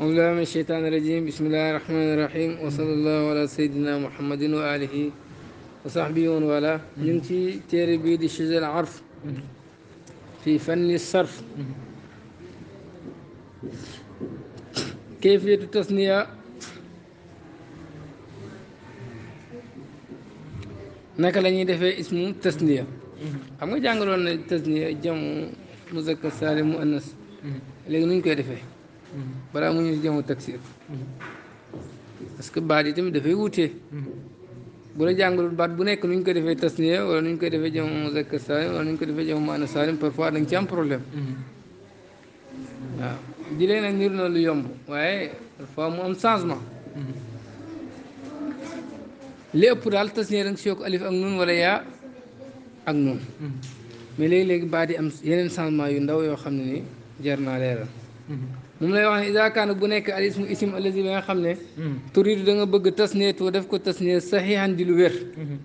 أعوذ من الشيطان الرجيم بسم الله الرحمن الرحيم وصلى الله على سيدنا محمد وآله وصحبه ومن والاه نمتي تيري بيد الشجر العرف في فن الصرف كيفية التصنيع naka la ñuy defee ismu tasniya xam nga jàngaloon na tasniya jamu muzakkar saalim balaa mu ñëw si jëmu taksir parce que baat yi tamit dafay wutee bu la jàngalul baat bu nekk nu ñu ko defee tasniya wala nu ñu defee jëmu muzakkar saalim nu ñu ko defee jëmu maana saalim parfois da nga ci am problème waaw jëlee nag nir na lu yomb waaye parfois moom am changement li ëpp daal tasniya da nga si yokk alif ak nun wala yaa ak nun mais léegi-léegi baat yi am yeneen changement yu ndaw yoo xam ne ni jar naa leeral moom lay wax ne ida bu nekk al ismu isim allazi bi nga xam ne hmm. turidu danga bëgg bëgg tasniyatoo def ko tasniya saxihan di lu wér hmm.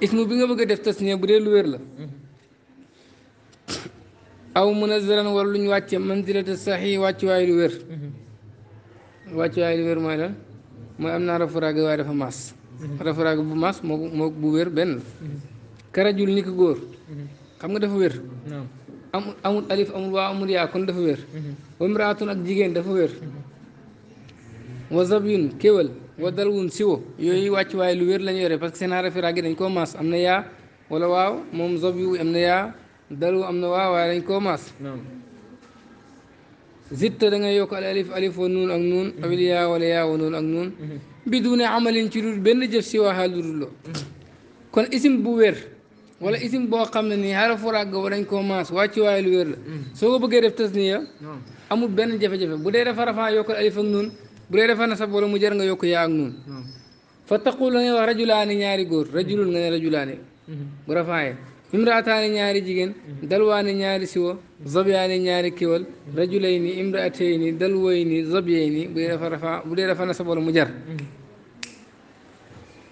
ismu bi nga bëgg a def tasniya bu dee lu wér la hmm. aw munazzaran wala lu ñu wàcce manzilata saxi wàccuwaay lu wér wàccuwaay lu wér mooy lan mooy am naa rafuraaga waaye dafa maas rafuraaga bu maas moo moo bu wér benn karajul ni ko góor xam nga dafa wér amul amul alif amul waa amul yaa kon dafa wér wa imraatun ak jigéen dafa wér wa zabyun kéwal wa dalwun siwo yooyu wàcc waaye lu wér lañu yore parce que seen ara raag yi dañ koo maas am na yaa wala waaw moom zabyu am na yaa dalwu am na waaw waaye dañ koo maas zitta da nga yokk al alif alif wa nuun ak nuun awil yaa wala yaa wa nuun ak nuun bi duune amalin ci dul benn jëf si waa lu dul kon isim bu wér wala isim boo xam ne nii a ràgg wa dañ koo maas wàcc waaye lu wér la mm. soo ko bëggee def tasniya amul benn jafe-jafe bu dee dafa rafaa yokkal bu dee dafa nasab wala mu jar nga yokk yaa ak nuun fa taqul la ngay wax rajulaani ñaari góor rajulun nga ne rajulaani mm-hmm. bu rafaaye imraataani ñaari mm-hmm. ñaari siwo zabyaani ñaari kiwal mm-hmm. rajulayni imraatayni dalwayni zabyayni bu dee dafa rafaa bu dee dafa nasab wala mu jar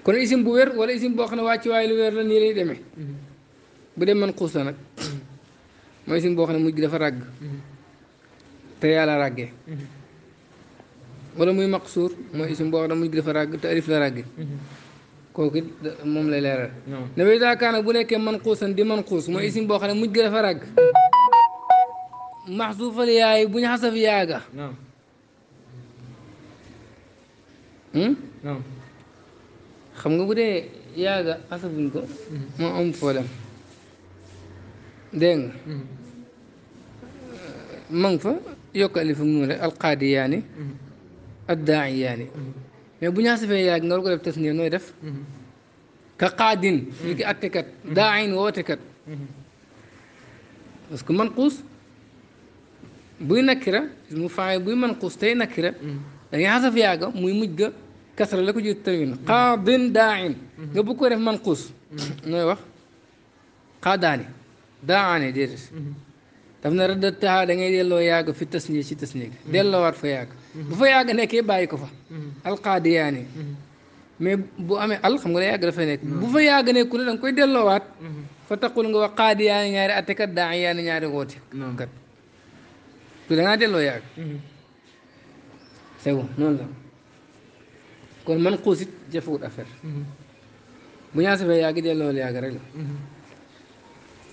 kon isim bu wér wala isim boo xam ne wàcc waaye lu wér la nii lay demee بدي من قوسا نك ما يسمى بوخنا موج دفع رج تري على رج ولا موي مقصور ما يسمى بوخنا موج دفع رج تعرف لا رج كوكيد مم لا لا نبي إذا كان بقول لك من قوسا دي من قوس ما يسمى بوخنا موج دفع رج محسوف لي أي بني حسب ياقة نعم نعم خمغه بودي ياغا حسبنكو ما ام فولم dégg nga mm-hmm. uh, ma nga fa yokk alifam noonu rek alqaadiyaani mm-hmm. addaa'iyaani mm-hmm. mais bu ñaa safee yaa nga war ko def tas nii nooy def ka qaadin ñu ki attekat daayin wootekat parce que manquus buy nakira mu faa buy manquus tey nakira dangay xasaf yaaga muy mujj kasra la ko jiitu termine qaadin daayin nga bu ko def manquus nooy wax qaadaani daane déedéet mhm. daf na rëdd taxaa da ngay delloo yàgg fi tasniya ci tasniya mhm. delloowaat fa yàgg mhm. bu fa yàgg nekkee bàyyi ko fa alqaadiyaani mais bu amee al xam nga day yàgg nekk bu fa yàgg ne da nga koy delloowaat fa taqul nga wax qaadiyaani ñaari attekat daayaani ñaari woote kat tu da delloo yàgg kon man xuusit jafewut affaire bu ñaa safee yàgg delloo yàgg rek la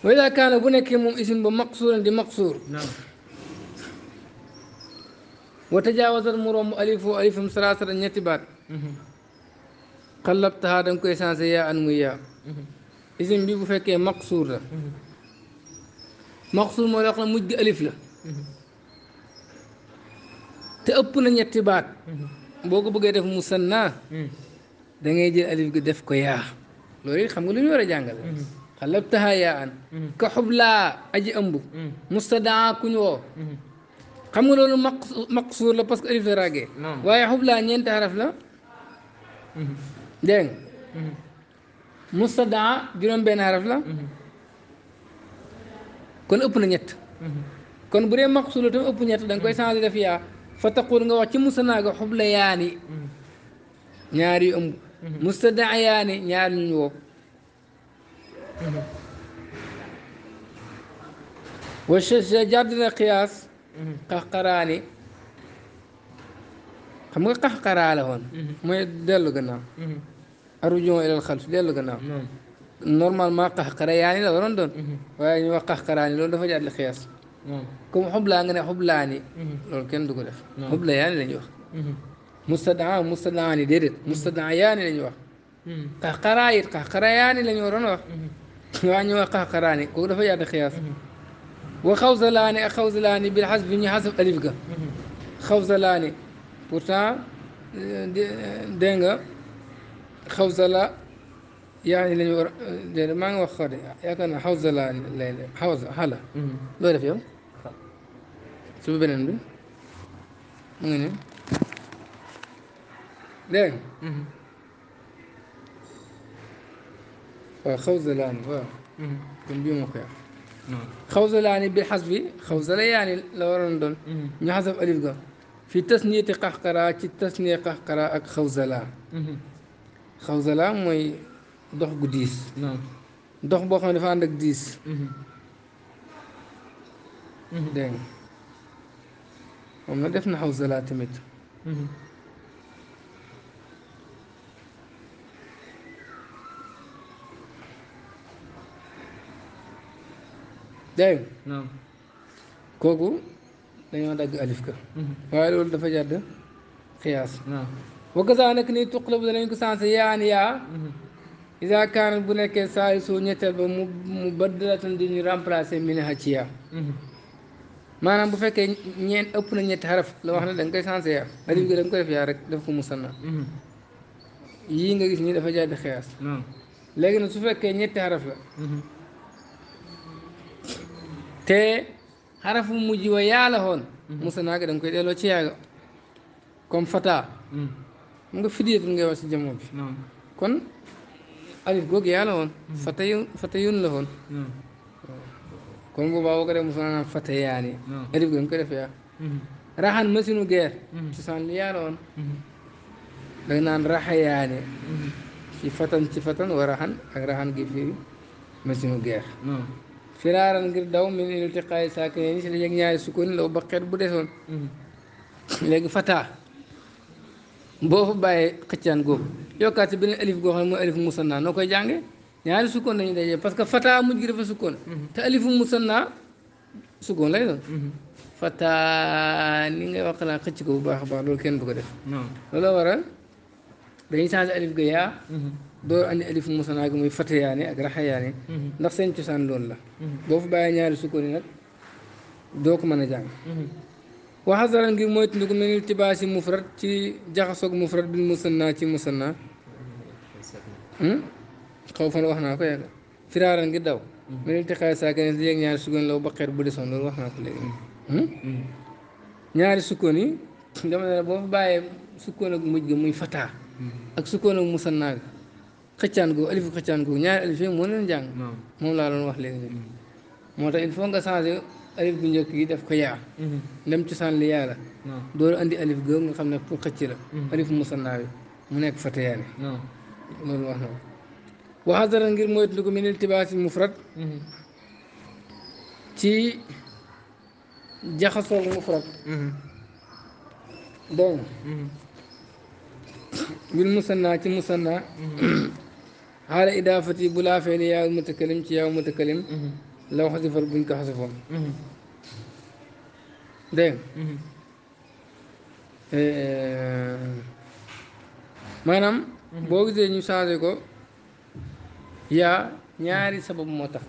wa ida kaana bu nekkee moom isim ba maqsuuran di maqsuur wa tajaawasat mu romb alifu alifam saraasara ñetti baat mhm. xallabtahaa da nga koy changé yaa an muy yaa isim mhm. bi bu fekkee maqsuur la mhm. maqsuur mooy loo xam mujj alif la te ëpp na ñetti baat boo ko bëggee def musanna da ngay jël alif gi def ko yaa loolu it xam nga lu ñu war a jàngale xalabtaha yaa an mm-hmm. ka xublaa aji ëmb mm-hmm. mustadaa ku woo mm-hmm. xam nga loolu maq maqsuur la parce que alif la waaye xublaa ñeenti xaraf la dégg nga mustadaa juróom benn xaraf la kon ëpp na ñett kon bu dee maqsuur la tam ëpp ñett da koy changé def yaa fa taqul nga wax ci mustanaa ga xubla yaani ñaari ëmb mustadaa yaani ñaari ñu woo washasha jàdd na xiyaas xaxqaraani mhm. xam nga xaxqaraa la woon mhm. mooy dellu gannaaw mhm. arujon ilal xalf dellu gannaaw normalement xaxqara yaani la waroon doon waaye ñu wax xaxqaraani loolu dafa jàdd xiyaas comme xublaa nga ne xublaani loolu kenn du ko def xubla yaani la ñuy wax mustadaa mustadaani déedéet mustadaa yaani la ñuy wax xaxqaraa it xaxqara yaani la ñu wax waa ñu wax xaxaraani kooku dafa yaata xiyaas wa xawsalaani ak xawsalaani bil xas bi ñu xasab alif ga xawsalaani pourtant dégg nga xawsala yaani la ñu war maa ngi wax xode yaakaar naa xawsalaani lay xawsa xala loo def yow suba beneen bi mu ngi خوزلان كنبيو مخيا نعم. خوزلان بالحذف خوزليان يعني لو رندون نحسب ألف alif في تسنية قهقرة في تسنية قهقرة أك خوزلان خوزلان موي dox قديس diis dox boo xam ne dafa ànd ak diis dégg nga kooku dañoo dagg alif ka mhm. waaye loolu dafa jàdd xiyaas wa kasa nag nii tuqla bu danañ ko sensé yaan yaa mhm. isa kaanat bu nekkee saa yu soo ñetteel ba mu mu baddalatan di ñu remplacé minaha ci yaa mhm. maanaam bu fekkee ñeen ëpp na ñetti xaraf la wax ne da koy sensé yaa alif gi da ko def yaa rek def ko musanna yii nga gis nii dafa jàdd xiyaas léegi nag su fekkee ñetti xaraf la te xarafu mujj wa yaa la xoon musa naa ko da koy delloo ci yaaga comme fata mu mm. nga fidiyatul ngay wax si jamono bi kon alif googu yaa la xoon mm. fata yun la xoon kon boobaa boo ko def musa naa fata yaani alif ga nga koy yaa mm-hmm. raxan machine guerre mm-hmm. cosaan li mm-hmm. yaa la xoon da nga naan yaani ci fatan ci fatan wa raxan ak raxan gi fii machine firaaran ngir daw min iltiqaay saakine ni si dajeg ñaari sukkoon law ba xet bu desoon mm-hmm. léegi fataa boo fa bàyyee xëccaan googu yokkaat si beneen alif goo xam ne mooy alif musanna noo koy jànge ñaari sukkoon dañuy dajee parce que fataa mujj gi dafa sukkoon mm-hmm. te alifu musanna sukkoon lay doon mm-hmm. fataa ni ngay wax laa xëcc ko bu baax a baax loolu kenn bu ko def loolu waral dañuy changé alif ga doo andi alif musanaa gi muy fatayaane ak raxayaane mm-hmm. ndax seen cosaan loolu la mm-hmm. boo fa bàyyee ñaari sukkoon yi nag doo a mm-hmm. ci jaxasoog mufrad hmm? wax naa ko yàgg firaaran ngir daw mel ni tixaay saakane di yéeg ñaari sukkoon law ba hmm? boo fa bàyyee sukkoon muy fataa ak sukkoon ak musanna xëccaan googu alifu xëccaan googu ñaari alif yi moo leen jàng. moom laa doon wax léegi rek mm-hmm. moo tax il faut nga changer alif bu njëkk gi def ko yaa. ndem cosaan li yaa la. door andi googu nga xam ne pour xëcc la. Mm-hmm. alif musannaa bi mu nekk fatayaani. loolu wax na ko ngir moytu ko min iltibaasi mufrad mm-hmm. ci jaxasoog mufrad dégg nga bil ci musanna على إضافتي بلا فعل يا المتكلم يا المتكلم لو حذف البنك حذفهم ده إيه ما نم بوجد نشاهده كو يا نياري سبب موتا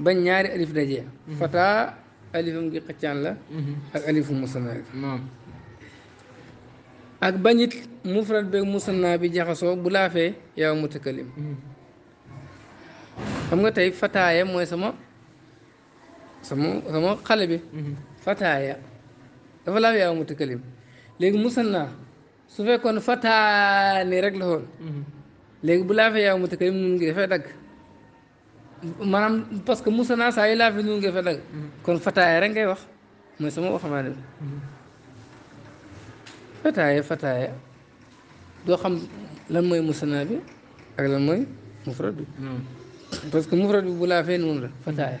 بن نياري ألف دجيا فتا ألف مجي قتيان لا ألف مصنع نعم أك بنيت مفرد بمصنع بجاهسو بلا فعل يا المتكلم مم. xam nga tey mooy sama sama xale bi mhm. fataaya dafa laa yaa mu tëkkalim léegi musanna su fekkoon fataani rek la woon mhm. léegi bu laafe yaa mu tëkkalim nun ngi dafay dagg maanaam parce que musanna saa yi laafe nun ngi dafay dagg mhm. kon fataaya rek ngay wax mooy sama waxamaane bi fataaya fataaya doo xam lan mooy musanna bi ak lan mooy mufrad bi parce que mufrad bi bu laafee noonu la fataaya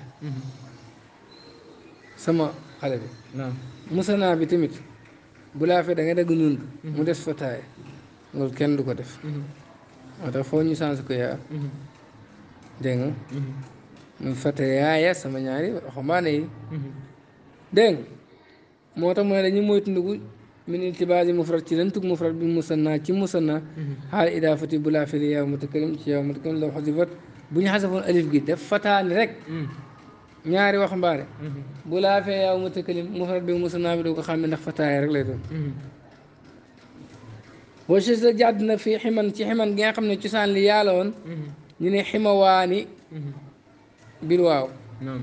sama xale bi musanaa bi tamit bu laafee da dagg nun mu mhm. des fataaya loolu kenn du ko def mhm. moo tax foo ñu sens ko yaa mhm. dégg nga sama ñaari waxambaane yi dégg nga moo tax mu ne dañu moytundiku min iltibaasi mufrad ci lan tug mufrad bi musanna ci musanna xaal idaafati bu laafee li yaa mutakallim ci yaa mutakallim law xasibat بني حسب الالف جدا فتا رك نياري واخ مباري بلا في يا متكلم مفرد بمسنا بلو خا من فتا رك لي دون واش جادنا في حمان تي حمان غي خمنا تي سان لي يالون ني ني حمواني بالواو نعم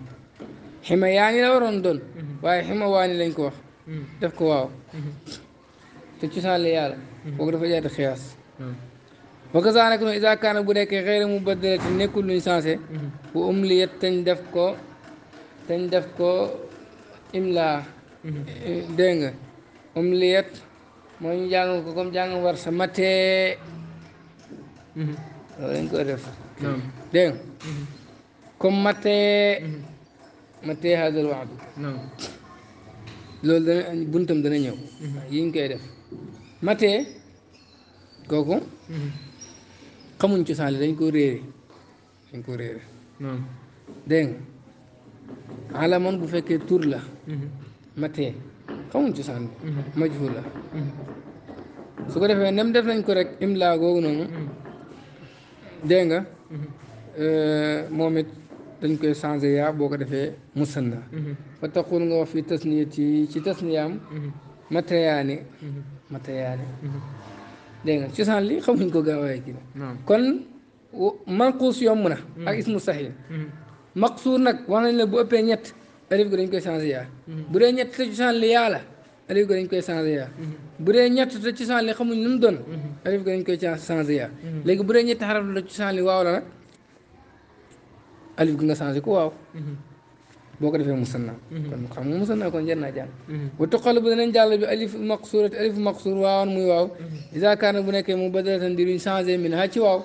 حما يعني لو رندون واي حما واني لنك واخ دفك واو تي سان لي يال وغرفه جات خياس wa kazaalika noonu iza kaana bu nekkee xëy na mu baddale te nekkul luñ sensé bu mhm. umliyat tañ def ko tañ def ko imla mhm. dégg nga umliyat mooy ñu jàng ko comme jàng war sa matee mhm. loolu lañ koy def dégg nga comme matee koy def matee kooku xamuñ cosaan li dañ ko réere dañ ko réere dégg nga alaman bu fekkee tur la mhm. matee xamuñ cosaan bi mhm. majhul la mhm. su ko defee nem def nañ ko rek imlaa googu noonu dégg nga euh, moom it dañ koy changé yaa boo ko defee musanna fa taqul nga wax fi tasniya ci ci tasniyaam mateyaani mateyaani dégg nga cosaan li xamuñ ko gaaw waaye kii kon manquus yomb na mm. ak ismu sahil mm. maqsuur nag wax nañ la bu ñett alif gi dañ koy changé yaa mm. bu dee ñett te cosaan li yaa la alif gi dañ koy changé yaa bu dee ñett te cosaan li xamuñ dañ koy changé yaa léegi bu dee waaw la nag alif gi nga changé ko waaw بوكر في المسنة كن مخام المسنة كن جنة جان وتقلب ذن جال بألف مقصورة ألف مقصور واو مي واو إذا كان بناك مبادرة ديرين شان زي من هاتي واو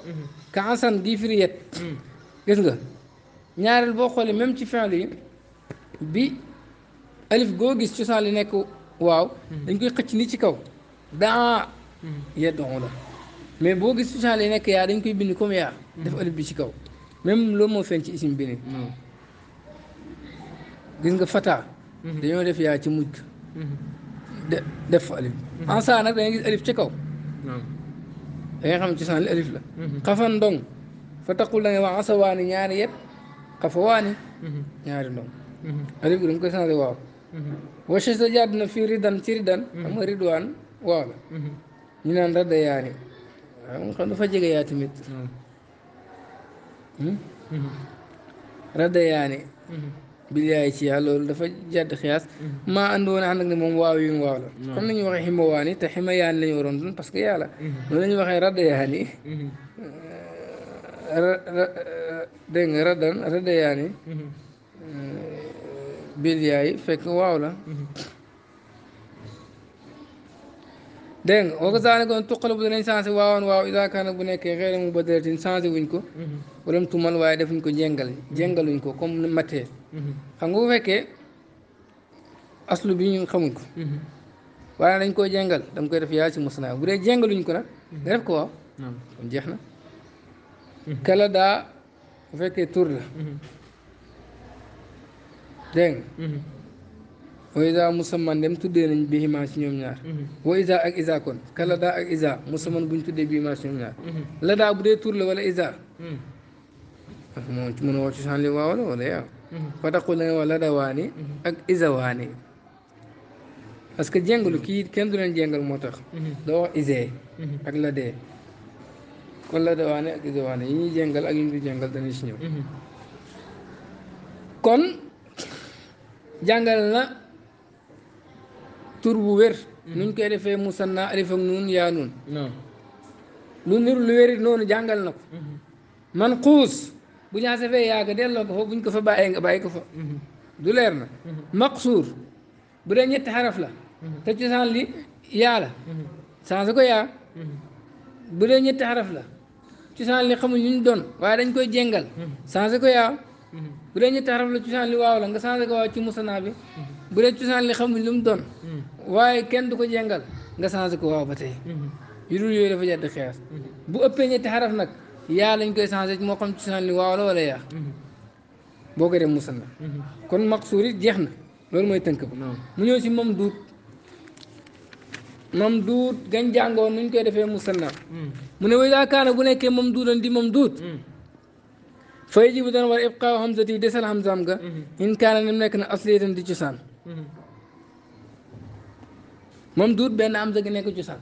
كأنسان ديفريت كيف نقول نار البوخ اللي ممتي فعلي بي ألف جوجيس شو سال لناك واو إنك يقتش نيتكوا دا يدعونا مي بوجيس شو سال لناك يا إنك يبنكم يا دفع ألف بيشكوا مم لو مو فين تيسين بيني gis nga fata mhm. dañoo def yaa ci mujj mhm. def fa alif mhm. en saa nag da nga alif ci kaw da nga alif la xafan ndong fa taqul da ngay wax asawaani ñaari yet xafawaani ñaari ndong alif gi da nga koy waaw wache sa jadd na fii ridan ci ridan xam nga waaw la ñu naan radda yaani waaw nga xam dafa jege hmm? radda yaani billaay ci yàlla loolu dafa jàdd xiyaas mhm. maa àndoon ànd ak ne moom waaw yu waaw la comme nañu waxee ximawaan yi te ximayaan la ñu waroon doon parce que yàlla loolu mhm. la ñu waxee raddayaan yi mhm. dégg nga euh, fekk waaw la dégg nga woo saani kon tuqala bu danañ changé waawoon waaw idaa kaana bu nekkee xëy na mu badalatin changé wuñ ko walam tumal waaye defuñ ko jéngal jéngaluñ ko comme matee xam nga bu bi ñu xamuñ ko. waaye dañ koo jàngal dama koy def yaa ci musnaa bu dee jàngaluñ ko nag. nga def ko mhm. kala daa bu fekkee tur la. Mhm. dégg nga. Mhm. wa isa musamman dem tuddee nañ bi himaa ci ñoom ñaar. wa isa ak isa kon kala daa ak isa musamman buñ tuddee bi himaa ci ñoom ñaar. la daa bu dee tur la wala isa. Ah, moom ci mën a woo ci fa taxul ne wala dawaani ak isawaani parce que jéngalu kii kenn du leen jéngal moo tax mm-hmm. doo wax mm-hmm. ak la kon la dawaane ak isawaane yi ñuy jéngal ak ñu du jéngal dana ci ñëw mm-hmm. kon jàngal na tur bu wér nuñ koy defee musanna alif ak nuun yaa nuun lu niru lu wérit noonu jàngal na ko man xuus bu ñu xasafee yaa nga delloo ko fa bu ñu ko fa bàyyee nga bàyyi ko fa du leer na maqsuur bu dee ñetti xaraf la te cosaan li yaa la ko yaa bu dee ñetti xaraf la cosaan li xamul ñu doon waaye dañ koy jéngal changé ko yaa bu dee ñetti xaraf la cosaan li waaw la nga changé ko waaw ci musanaa bi bu dee cosaan li xamul lu mu doon waaye kenn du ko jéngal nga changé ko waaw ba tey yu dul yooyu dafa jàdd xiyaas bu ëppee ñetti xaraf nag yaa lañ koy changé moo xam ci waaw la wala yaa boo ko def musal la kon maqsuur it jeex na loolu mooy tënk ba mu ñëw si moom duut moom duut gañ jàngoon nuñ koy defee musal la hmm. mu ne way daa kaana bu nekkee moom duutan di moom duut hmm. fay ji bu dana war ibqaaw hamzati yi desal hamzaam ga hmm. in kaana nim nekk na asliyatan di cosaan moom duut benn hamza gi nekk cosaan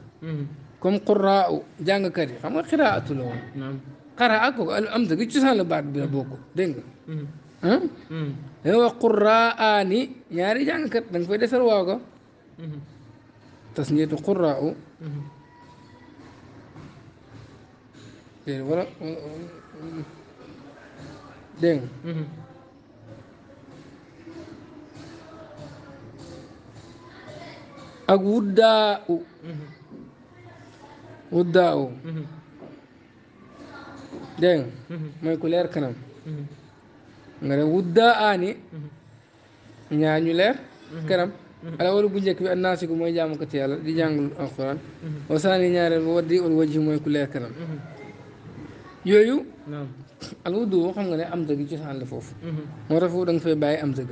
comme quraa u jàngkat yi nga xiraatu la woon ko am sa gi cosaan la baat bi la bokk dégg nga danga quraa aani ñaari jàngkat da nga fay desal ga mm-hmm. tas njiitu quraa u mm-hmm. mm-hmm. ak wuddaa u wuddaaw mhm. dégg nga mhm. mooy ku leer kanam mhm. nga dem wuddaa aani ñaar ñu kanam ala walu bu njëkk bi annaasi ko mooy jaamukati yàlla di jàngul alquran wa saani ñaareel mooy ku kanam yooyu al wuddu woo xam nga ne am dëgg cosaan la foofu moo tax foofu da bàyyi am dëgg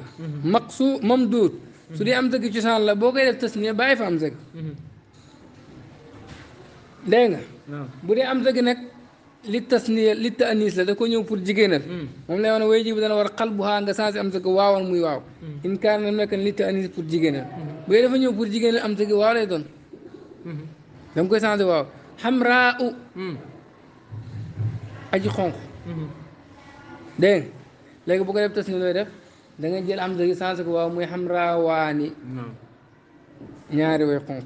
maqsu mamduud su dee am dëgg cosaan la boo koy def tasniya bàyyi fa am dëgg dégg nga. bu dee am dëgg nag li tas nii li ta anis la da ko ñëw pour jigéenal. Hmm. moom lay wax ne way ji dana war xal bu xaa nga sensé am dëgg waawoon muy waaw. Hmm. in kaar na nekk li ta anis pour jigéenal. Hmm. bu dee dafa ñëw pour jigéenal am dëgg waaw lay doon. da koy sensé waaw xam raa xonq. dégg nga ko def tas nii def da nga jël am dëgg sensé ko waaw muy xam waani. ñaari way xonq.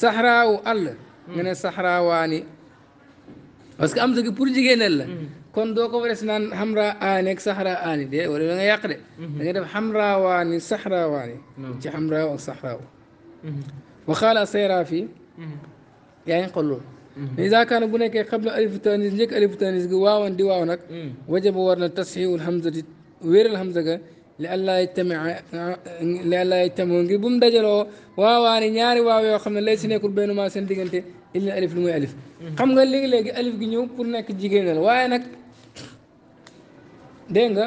saxraawu àll. من الصحراواني بس كم زوجي برجي جينا لا كون دوكو برسنان حمراء آنك صحراء آني دي ولا لنا يقرأ لكن حمراء واني صحراء واني جي حمراء وصحراء وخالة سيرا في يعني قلو إذا كان بنك قبل ألف تانيز لك ألف تانيز قواوان دواوانك وجب ورنا تصحيح الحمزة وير الحمزة li allah yajtami li allah yajtami ngir waawaani ñaari waaw yoo xam ne lay si nekkul benn maa seen diggante illa alif lu muy alif xam nga léegi-léegi alif gi ñëw pour nekk jigéenal waaye nag dégg nga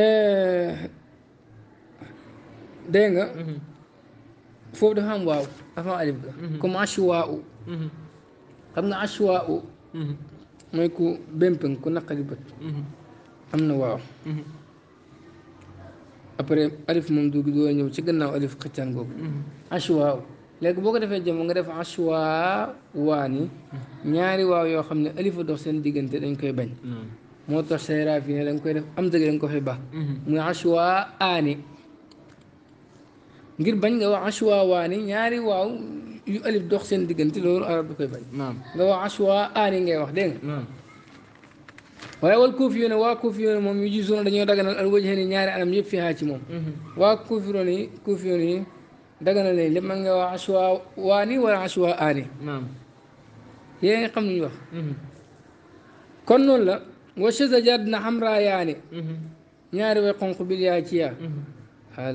eh, dégg nga mm-hmm. foofu waaw avant alif ga mm-hmm. comme ashwa u mm-hmm. xam nga ashwa u mooy ku bémpéng ku naqari bët am na waaw après alif moom du doo ñëw ci gannaaw alif xëccaan googu mm-hmm. ashwaa boo ko defee jëm nga def ashwaa waani mm-hmm. ñaari waaw yoo xam ne alifa dox seen diggante dañ koy bañ mm-hmm. moo tax sayraaf yi ne da koy def am dëgg ko fay baax muy ashwaa aani ngir bañ nga wax ashwaa waani ñaari waaw yu alif dox seen diggante loolu arab da koy bañ nga wax ashwaa aani ngay wax dégg nga waaye wal kuufiyoon waa kuufiyoon moom yu gisoon dañoo daganal al wajhani ñaari anam yëpp fi haa moom mhm. waa kuufiyoon yi kuufiyoon yi daganal nga wax waani wala aswa aani xam lu ñu wax mhm. kon noonu la wa na xamra yaani mhm. ñaari way xonq bil yaa ci yaa ah,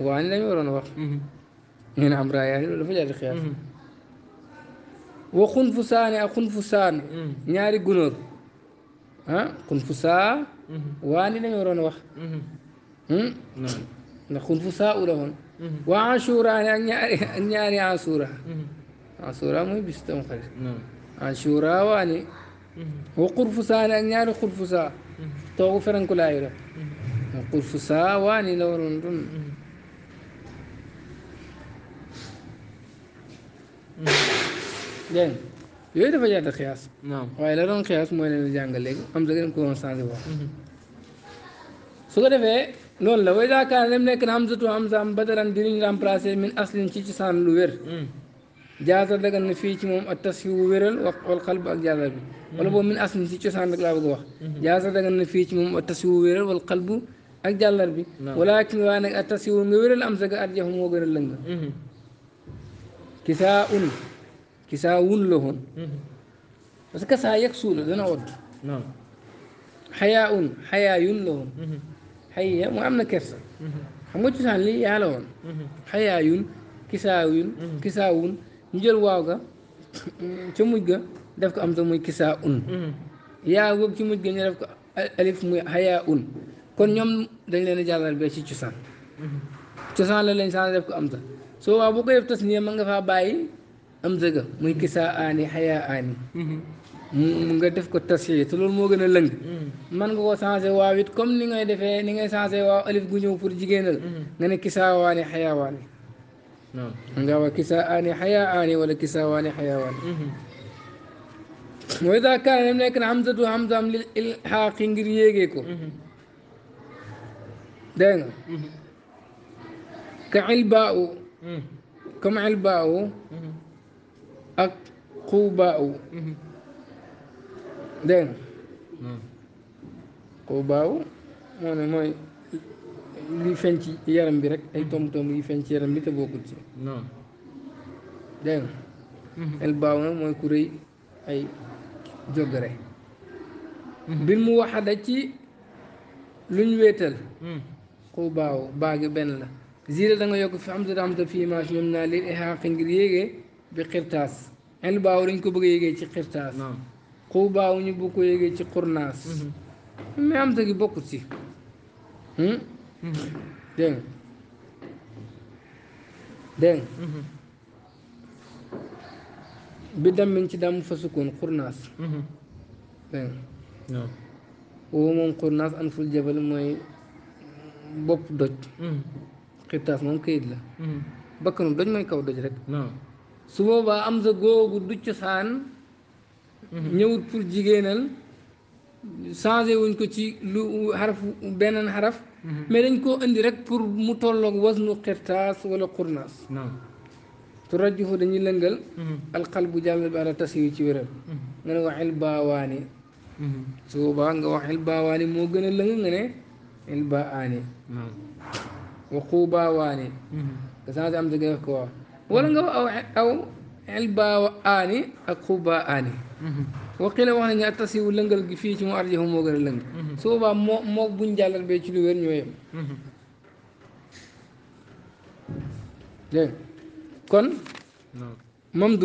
waaw ñu ne amra ñaari gunóor ah Kunfusaa. waa ni lañu waroon a wax. ndax Kunfusaa u la woon. waa Ashura ak ñaari ak ñaari Ashura. Ashura muy bis tam xarit. Ashura waa wa Kurfusaa ak ñaari Kurfusaa. toogu feranku laayu la. Kurfusaa waa ni la waroon dun. dégg yooyu dafa jaata xiyaas. waaye la doon xiyaas mooy leen jàngal léegi am na gën ko woon changé mhm. wax. su ko defee noon la way daakaar dem nekk na Hamzatu Hamza am badaran di ñu remplacé min aslin ci cosaan lu wér. Mhm. jaata dagal na fii ci moom ak tas yu wéral wal xalb ak jaata bi. Mhm. wala boobu min aslin ci cosaan rek laa bëgg wax. jaata na fii ci moom ak tas yu wéral wal xalb ak jàllar bi. walaakin waaye nag ak tas yu nga wéral am sa ga at jaxu moo gën a lëng. kisaa un. kisaa wun la woon parce que saa yegg suula dana odd xayaa un xayaa yun la woon xayya am na kersa xam nga cosaan li yaa la woon yun kisaa yun kisaa wun ñu waaw ga ca ga def ko sa muy kisaa un yaa goog ci mujj ga ñu def ko alif muy xayaa un kon ñoom dañ leen a jàllal bee ci cosaan cosaan la lañ saa def ko soo waaw boo ko def tas nii mën nga faa bàyyi am dëgg muy kisaa aani xayaa aani mm-hmm. mu nga def ko tasfiya te moo gën a lëng man mm-hmm. nga ko changé waaw it comme ni ngay defee ni ngay changé waaw alif gu ñëw mm-hmm. nga ne kisaa waani xayaa waani nga wax kisaa aani xayaa aani wala kisaa waani xayaa waani mooy daa kaana nem nekk na hamzatu hamzam lil ilxaaqi ngir yéegee ko nga ka ilbaa u comme ilbaa u ak xubaa u mhm. dégg nga xubaa mhm. u moo ne mooy li feeñ ci yaram bi rek ay tomb tomb yi feeñ ci yaram bi te bokkul ci dégg nga mhm. el baaw nag mooy ku rëy ay jogare bir mu waxada ci luñ wéetal xubaa u baagi benn la ziira da nga yokk fi am sa dam ta fii maas ñoom naa liir e xaqi ngir yéegee bi xirtaas xel baaw dañ ko bëgg a ci xirtaas xu baaw ñu bu ko yégee ci xurnaas mhm. mais am sa gi bokkut si dégg dégg mhm. bi dammiñ ci dam fa xurnaas mhm. dégg woo moom xurnaas an jabal mooy bopp doj xirtaas moom këyit la bakkanu doj mooy kaw doj rek su boobaa am sa googu du cosaan mhm. ñëwut pour jigéenal changé wuñ ko ci lu xaraf beneen xaraf mhm. mais dañ koo indi rek pour mu tolloog wasnu xirtaas wala xurnaas tu rajufu dañuy lëngal mhm. alxal bu jàll bi àla tasiyu ci wéral nga ne waxil baawaani su boobaa nga waxil baawaani moo gën a lëng nga ne il baawaani waxu baawaani nga changé am sa nga wala nga wax aw aw ilbaa aani ak xubaa aani mhm. waqila wax nañu tasiwu lëngal gi fii ci mu arjahu moo gën a lëng mhm. su boobaa moo moo buñ jàllar bee ci lu wér ñoo yem mhm. dégg kon bu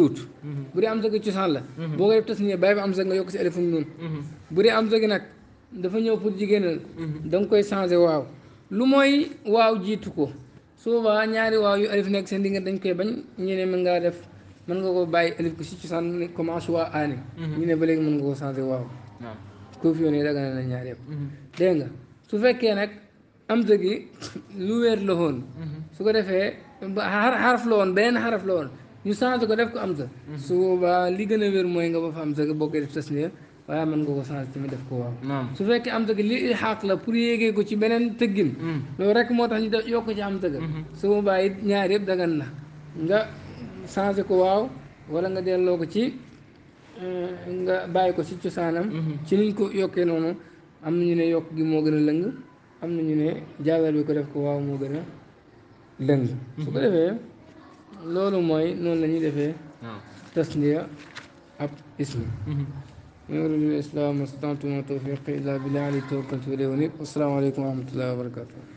dee am sa cosaan la boo ko def tasniya bàyyi ba am sa nga yokk si alifum noonu bu dee am sa nag dafa ñëw pour jigéenal da koy changé waaw lu mooy waaw jiitu ko su boobaa ñaari waaw yu alif nekk seen diggante dañ koy bañ ñu ne mën ngaa def mën nga ko bàyyi alif ko si cosaan ne commence waa aani mhm. ñu ne ba léegi mën nga ko changé waaw koo fi yoone daga na ñaar yëpp mhm. dégg nga su fekkee nag am të lu wéer la woon mhm. su ko defee xaraf la woon beneen xaraf la woon ñu changé ko def ko am të su baa li gën a wéer mooy nga ba fa am të ga boo koy def tas waaye man nga ko changé tamit def ko waaw su fekkee am tëgg li ilxaaq la pour yéegee ko ci beneen tëggin hmm. loolu rek moo tax ñu def yokk ci am tëgg hmm. su boobaa it ñaar yëpp dagan na nga changé ko waaw wala nga delloo ko ci eh, nga bàyyi ko ci cosaanam hmm. ci niñ ko yokkee noonu am na ñu ne yokk gi moo gën a lëng am na ñu ne jaaweel bi ko def ko waaw moo gën a lëng su ko defee loolu mooy noonu la ñuy defee tasniya ab ismi يريد الإسلام ما استطعت وما توفيقي إلا بالله عليه توكلت إليه والسلام عليكم ورحمة الله وبركاته